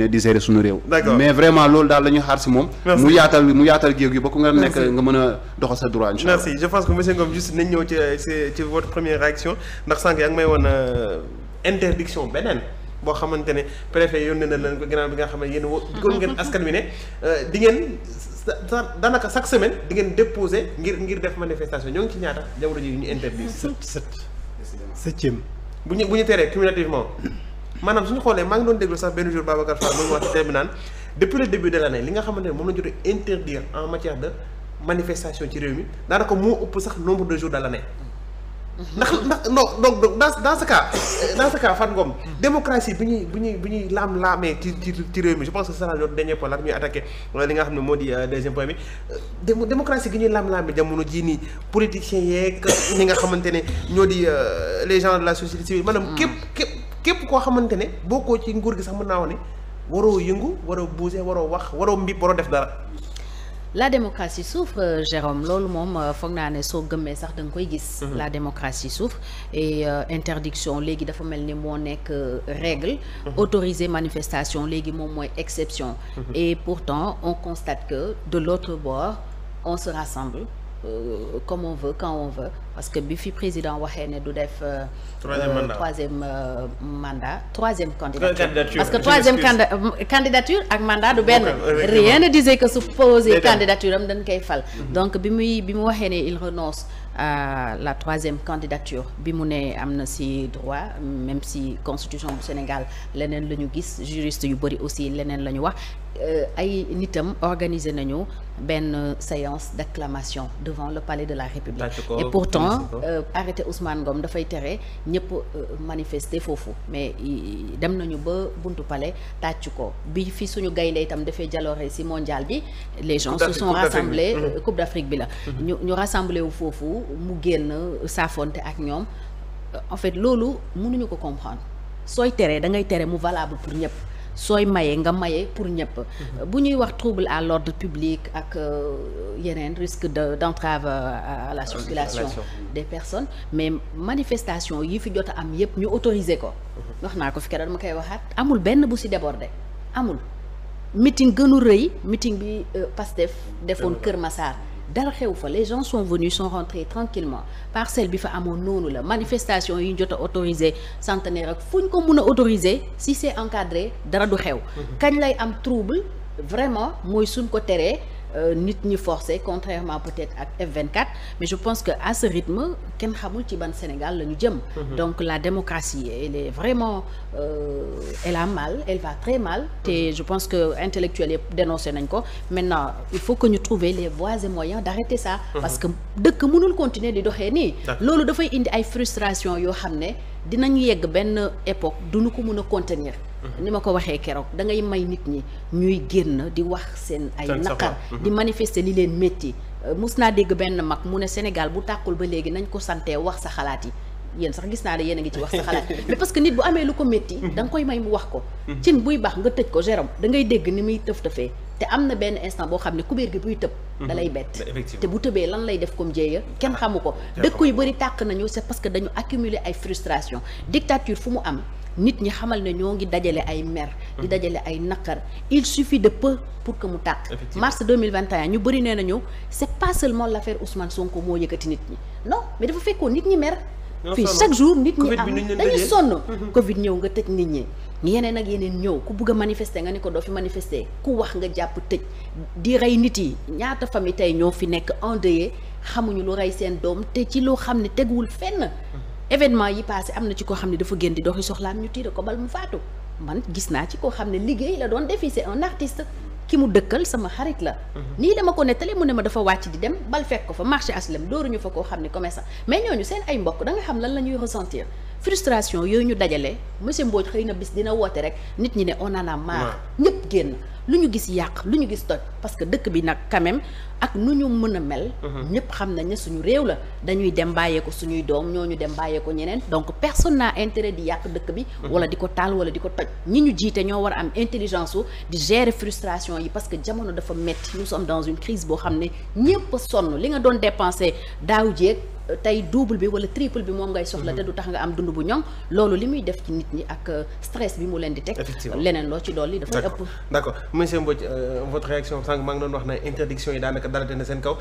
continuer di gérer suñu réew mais vraiment loolu daal la ñuy moom mu yaatal mu yaatal géew gi ba ku nga nekk nga mën a doxal sa droit incha merci je pense que monsieur Ngom juste nañ ñëw ci première réaction ndax sànq yaa ngi may woon euh, interdiction beneen boo xamante ne préfet yónnee na leen ko bi nga xam ne yéen woo digoon mm-hmm. ngeen askan wi ne euh, di ngeen danaka chaque semaine di ngeen déposer ngir ngir def manifestation ñoo ngi ci ñaata jamono ji ñu interdit bu ñu bu ñu teree cumulativement maanaam suñu xoolee maa ngi doon déglu sax benn jour Babacar Fall mu ngi wax ci télé bi naan depuis le début de l' li nga xamante ne moom la jot a interdire en matière de manifestation ci réew mi daanaka moo ëpp sax nombre de jours de l' année ndax ndax non donc donc dans dans ce cas dans ce cas Fatou Ngom démocratie bi ñuy bi ñuy bi ñuy laam-laamee ci ci ci réew mi je pense que c'est ça notre dernier point la ñuy attaqué euh, li nga xam ne moo di euh, deuxième point bi euh, démocratie gi ñuy jii nii politiciens yeeg ñi nga xamante ne ñoo di les gens de la société civile maanaam mm. képp képp képp koo xamante ne bokkoo ci nguur gi sax mën naa wax ne waroo yëngu waroo bouger waroo wax waroo mbib waroo def dara. la démocratie souffre euh, Jérôme loolu moom euh, foog naa ne soo gëmmee sax da nga koy gis. Mhm. la démocratie souffre et euh, interdiction léegi dafa mel ni moo nekk euh, règle. Mhm. autoriser manifestation léegi moom mooy exception. Mhm. et pourtant on constate que de l'autre bord on se rassemble. Euh, comme on veut quand on veut parce que bi fi président waxee ne du def. Euh, troisième euh, mandat troisième mandat troisième candidature. parce que troisième candidature ak mandat du benn. rien ne disait que su posé candidature am dañ koy fal. Mhm. donc bi muy bi mu waxee ne il renonce la troisième candidature bi mu ne am na si droit même si constitution bu Sénégal leneen la ñu gis juriste yu bëri aussi leneen la ñu wax Euh, ay nitam organiser nañu benn séance d'acclamation devant le palais de la République et pourtant euh, arrêté Ousmane Ngom dafay tere ñëpp euh, manifester foofu mais dem nañu ba buntu palais tàcc ko bi fi suñu gaynde itam dafay jaloore si mondial bi les gens se sont rassemblés mhm. Coupe d'Afrique bi la mhm. ñu ñu rassemblé wu foofu mu génn saafonte ak ñoom en fait loolu munuñu ko comprendre sooy teree da ngay tere mu valable pour ñëpp sooy mayee nga maye pour ñëpp. Mhm. bu ñuy wax trouble à l'ordre public ak euh, yeneen risque de d'entrave à la circulation des personnes mais manifestation yi fi jot am yëpp ñu autorisé ko. Mhm. wax naa ko fi keroog dama koy waxaat amul benn bu ci débordé amul. meeting gënu rëy mitin bi euh, Pastef defoon Kër Massar. dara xew fa les gens sont venus sont rentrés tranquillement parcelle bi fa amoon noonu la manifestation yi ñu jot a autorisé centenaire ak fu ñu ko mun a autorisé si c'est encadré dara du xew mhm. kañ lay am trouble vraiment mooy suñ ko teree Euh, nit ñi forcé contrairement peut-être ak F24 mais je pense que à ce rythme kenn xamul ci ban Sénégal la ñu jëm mhm. donc la démocratie elle est vraiment euh, elle a mal elle va très mal te mhm. je pense que intellectuels yëpp dénoncé nañ ko maintenant il faut que ñu trouver les voies et moyens d'arrêter ça mhm. parce que dëkk mënul continuer di doxee nii loolu dafay indi ay frustration yoo xam ne dinañu yegg benn époque duñu ko mën a contenir ni ma ko waxee keroog da ngay may nit ñi ñuy génn di wax seen ay naqar mhm. di manifester li leen métti euh, mus naa dégg benn mag mu ne Sénégal bu tàkkul ba léegi nañ ko santee wax sa xalaat yi yéen sax gis naa ne yéen a ngi ci wax sa xalaat mais parce que nit bu amee lu ko métti mhm. da koy may mu wax ko mhm. cin buy baax nga tëj ko géram da ngay dégg ni muy tëf tëfee te am na benn instant boo xam ne kubéer gi buy tëb da lay bett te bu tëbee lan lay def comme jéeya kenn xamu ko dëkk yu bëri tàkk nañu c'est parce que dañu accumuler ay frustration dictature fu mu am nit ñi xamal ne ñoo ngi dajale ay mer di dajale ay naqar il suffit de peu pour que mu tàkk mars 2021 ñu bëri nee nañu c'est pas seulement l'affaire Ousmane Sonko moo yëkkati nit ñi non mais dafa fekkoon nit ñi mer fii chaque jour nit ñi am dañu sonn covid ñëw nga tëj nit ñi yeneen ak yeneen ñëw ku bugg a manifester nga ni ko doo fi manifester ku wax nga jàpp tëj di rey nit yi ñaata famille tey ñoo fi nekk endeuillé xamuñu lu rey seen doom te ci loo xam ne teguwul fenn événement yi passé am na ci koo xam ne dafa génn di doxi soxlaam ñu tiire ko bal mu faatu man gis naa ci koo xam ne liggéey la doon defi c'est un artiste ki mu dëkkal sama xarit la mhm. nii dama ko nettali mu ne ma dafa wàcc di dem bal fekk ko fa marché aslem dooruñu fa koo xam ne commerçant mais ñooñu seen ay mbokk da nga xam lan la ñuy ressentir frustration yooyu ñu dajale monsieur Mbodj xëy na bis dina woote rek nit ñi ne on en a marre ñëpp génn lu ñu gis yàq lu ñu gis toj parce que dëkk bi nag quand ak nu ñu mën a mel. Mhm. ñëpp xam nañ ne suñu réew la dañuy dem bàyyee ko suñuy doom ñoo ñu dem bàyyee ko ñeneen donc personne n'a intérêt di yàq dëkk bi. Mhm. wala di ko taal wala di ko toj. ñi ñu jiite ñoo war am intelligence su di gérer frustration yi parce que jamono dafa metti nous sommes dans une crise boo xam ne ñëpp sonn li nga doon dépensé daaw jéeg. Euh, tey double bi wala triple bi moom ngay soxla te mhm. du tax nga am dund bu ñoŋ loolu li muy def ci nit ñi ak euh, stress bi mu leen di teg leneen loo ci dolli dafay ëpp d'accord monsieur Mbodj euh, votre réaction sànq maa ngi doon wax ne interdiction yi daanaka dara dina seen kaw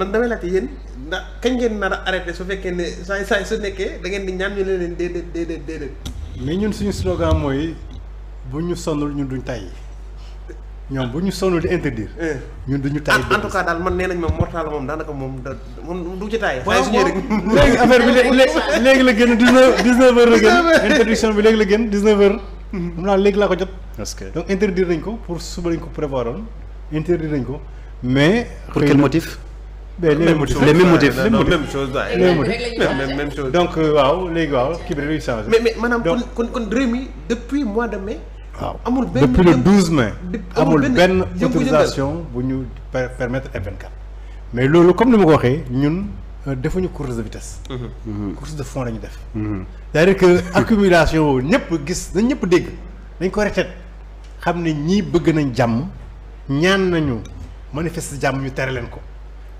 man damay laajte yéen ndax kañ ngeen nar a arrêté su fekkee ne saay saay su nekkee da ngeen di ñaan ñu ne leen déedéet déedéet déedéet. mais ñun suñu slogan mooy bu ñu sonnul ñun duñ tàyyi ñoom bu ñu sonnul di interdire. Eh. ñun duñu tàyyi en man nee nañ ma mortal moom daanaka moom du ci tàyyi. waaw waaw léegi affaire bi léegi la génn dix neuf dix la génn interdiction bi léegi la génn dix neuf heures. Mm-hmm. xam naa léegi laa ko jot. donc interdit nañ ko mais. pour quel motif. les mêmes motifs les mêmes motifs même chose même chose donc euh, waaw léegi waaw kii bi dañuy mais mais maanaam kon kon réew mi depuis mois de mai. waaw amul benn depuis le 12 mai. amul benn autorisation bu ñu permettre F24. mais loolu comme ni ma ko waxee ñun euh, defuñu course de vitesse. Mhm. Mhm. course de fond la ñu def. Mhm. c'est-à-dire que accumulation ñëpp gis nañ ñëpp dégg dañ ko retet xam ne ñii bëgg nañ jàmm. ñaan nañu manifeste jàmm ñu tere leen ko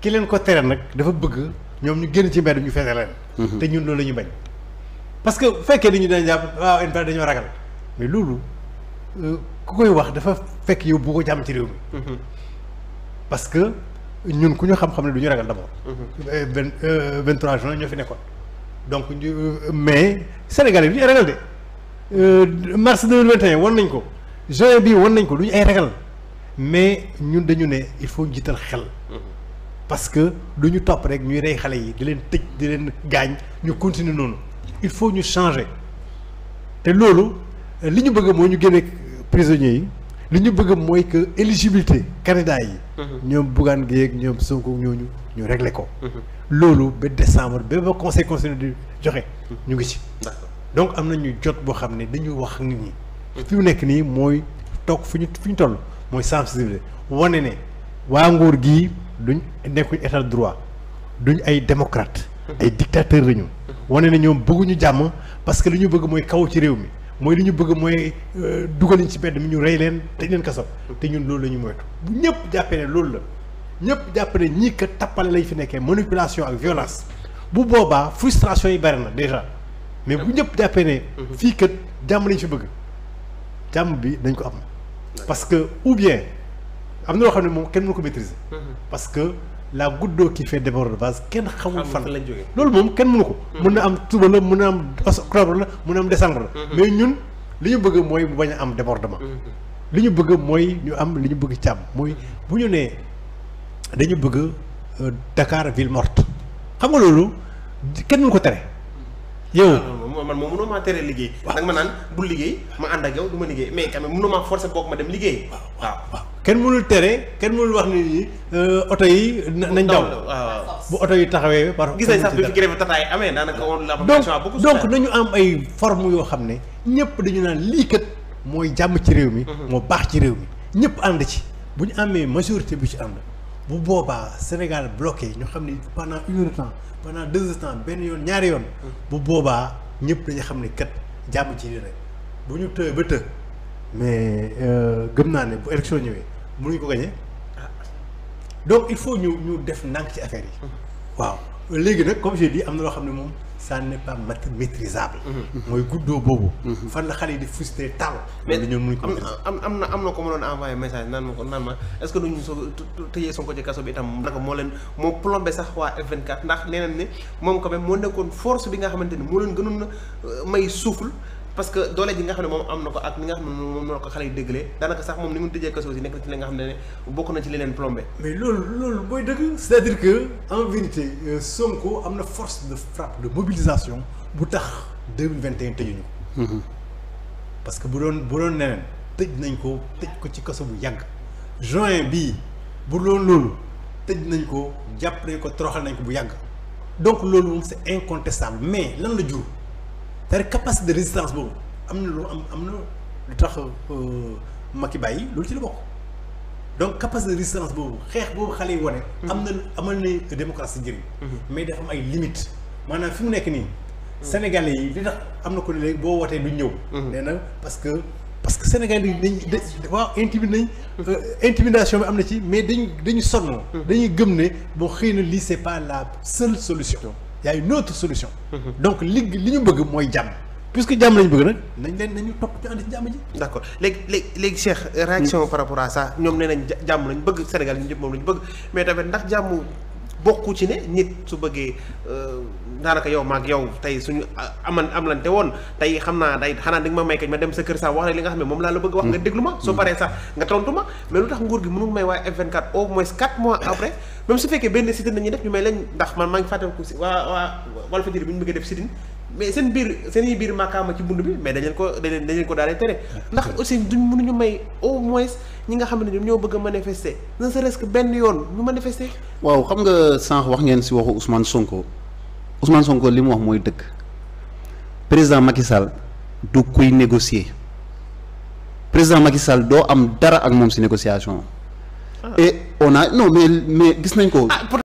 ki leen ko tere nag dafa bëgg ñoom ñu génn ci mbedd ñu feete leen. Mhm. te ñun loolu la ñu bañ. parce que bu fekkee dañu dañ jàpp waaw ah NPR dañoo ragal mais loolu euh, ku koy wax dafa fekk yow bu ko jàmm ci réew mi. Mhm. parce que ñun ku ñu xam-xam ne du ñu ragal d'abord. Mhm. Euh, vingt euh, vingt trois juin ñoo fi nekkoon. donc ñu mais Sénégal yi du ñu ay ragal de mars wan nañ ko juin bii wan nañ ko du ñu ay ragal. mais ñun dañu ne il faut jiital xel. parce que du ñu topp rek ñuy rey xale yi di leen tëj di leen gaañ ñu continuer noonu il faut ñu changer te loolu euh, li ñu bëgg mooy ñu génne prisonniers yi li ñu bëgg mooy que éligibilité candidat yi. Mm-hmm. ñoom Bougane Gueye ak ñoom Sonko ñooñu ñu régler ko. Mm-hmm. loolu ba décembre ba ba conseil constitutionnel di joxe. ñu ngi ci. donc am na ñu jot boo xam ne dañu wax nit ñi. Mm-hmm. fi mu nekk nii mooy toog fi ñu fi ñu toll. mooy sensibiliser wane ne waa nguur gi duñ nekkuñ état de droit duñ ay démocrate ay dictateur lañu wane ne ñoom bëgguñu jàmm parce que li ñu bëgg mooy kaw ci réew mi mooy li ñu bëgg mooy euh, dugal ñu ci bedd mi ñu rey leen tëj leen kaso te ñun loolu la ñu moytu bu ñëpp jàppee ne loolu la ñëpp jàpp ne ñii kat tappale lañ fi nekkee manipulation ak violence bu boobaa frustration yi bari na déjà mais bu ñëpp jàppee ne fii kat jàmm lañ fi bëgg jàmm bi dañ ko am parce que ou bien am na loo xam ne moom kenn mënu ko maîtriser. Mhm. parce que la goutte d'eau qui fait déborder le vase kenn xamul fan. la jógee loolu moom kenn mënu ko. Mhm. mën na am suba la mën na am octobre la mën na am décembre la. Mhm. mais ñun li ñu bëgg mooy mu bañ a am débordement. li ñu bëgg mooy ñu am li ñu bëgg càmm mooy bu ñu nee dañu bëgg euh, Dakar ville morte xam nga loolu kenn mënu ko tere. yow man ah, man moom mënoo maa tere liggéey. waaw da nga ma naan bul liggéey ma ànd ak yow du ma liggéey mais quand même mënoo maa forcer bokk ma dem liggéey. waaw waaw kenn mënul tere kenn mënul wax ni nii euh, oto yi. nañ daw bu oto yi taxawee par. gis nañ sax bi fi grève tataay amee daanaka on la donc donc nañu am ay forme yoo xam ne ñëpp dañu naan liikat mooy jàmm ci réew mi. Mhm. moo baax ci réew mi ñëpp ànd ci bu ñu amee majorité bu ci ànd. bu boobaa Sénégal yi ñu xam ne pendant une heure de temps pendant deux heures temps benn yoon ñaari yoon. bu boobaa ñëpp dañu xam ne kat jàmm ci lii rek bu ñu tëyee ba të. mais euh, gëm naa ne bu élection ñëwee mënuñ ko gagné. donc il faut ñu ñu def ndànk ci affaire yi. Mm-hmm. waaw léegi nag comme j'ai dit am na loo xam ne moom. ça n'est pas maîtrisable. mooy guddo boobu. fan la xale yi di frustré taw. mais ñoom am am na am na ko ma doon envoyé message naan ma ko naan ma est que duñu soo tëjee Sonko ci kaso bi itam. naka moo leen moo plombé sax waa F24 ndax nee nañ ne moom quand moo nekkoon force bi nga xamante ni moo leen gënoon euh, may souffle. parce que doole ji nga xam ne moom am na ko ak ni nga xam ne moom na ko xale yi déglee daanaka sax moom ni mu tëjee kaso si nekk na ci li nga xam ne ne bokk na ci li leen plombé mais loolu loolu booy dëgg c'est-à-dire que euh, am na force de frappe de mobilisation bu tax 2021 tëjuñu ko mhm. parce que bu doon bu doon neneen tëj nañ ko tëj ko ci kaso bu yàgg juin bi bu doon loolu tëj nañ ko jàpp nañ ko toroxal nañ ko bu yàgg donc loolu moom c'est incontestable mais lan la jur c'est-à-dire capacité de résistance boobu am na lu am am na lu tax euh, Macky bàyyi loolu ci la bokk donc capacité de résistance boobu xeex boobu xale yi wane. Mhm. am na amal na démocratie njëriñ. Mhm. mais dafa am ay limites maanaam fi mu nekk nii. Mhm. Sénégalais yi li tax am na ko léegi boo wootee du ñëw. nee na parce que parce que Sénégal yi dañ waaw intimide nañ. Euh, intimidation bi am na ci mais dañu dañu sonn. dañuy gëm ne boo xëy na lii c'est pas la seule solution. yaay a une autre solution. Mm-hmm. donc li li ñu bëgg mooy jàmm. puisque jàmm lañu bëgg nag nañ leen nañu topp ci ànd ci jàmm ji. d' léegi léegi léegi Cheikh réaction mm. par rapport à ça ñoom nee nañ jàmm lañ bëgg Sénégal ñu ñëpp moom lañ bëgg mais tamit ndax jàmm bokku ci ne nit su bëggee euh, daanaka yow maag yow tey suñu aman am lante woon tey xam naa day xanaa di nga ma may kañ ma dem sa kër sax wax la li nga xam ne moom laa la bëgg wax nga mm. déglu ma soo mm. paree sax nga tontu ma mais lu tax nguur gi mënul may waaye F24 au moins 4 mois après même su fekkee benn sitin nañuy def ñu ndax man maa ngi fàttaliku si waa waa Walfadjri bi ñu bëggee def sitin mais seen biir seen biir màkkaama ci bund bi mais ko dañ leen dañ leen ko daal tere mm. ndax aussi duñ mënuñu may au ñi nga xam ne ñoom ñoo bëgg a manifester ne serait-ce que benn yoon ñu manifester. waaw xam nga sànq wax ngeen si waxu Ousmane Sonko Ousmane Sonko li mu wax mooy dëkk président Macky Sall du kuy négocier président Macky Sall doo am dara ak moom si négociation. Ah. et on a mais mais gis nañ ko. Ah,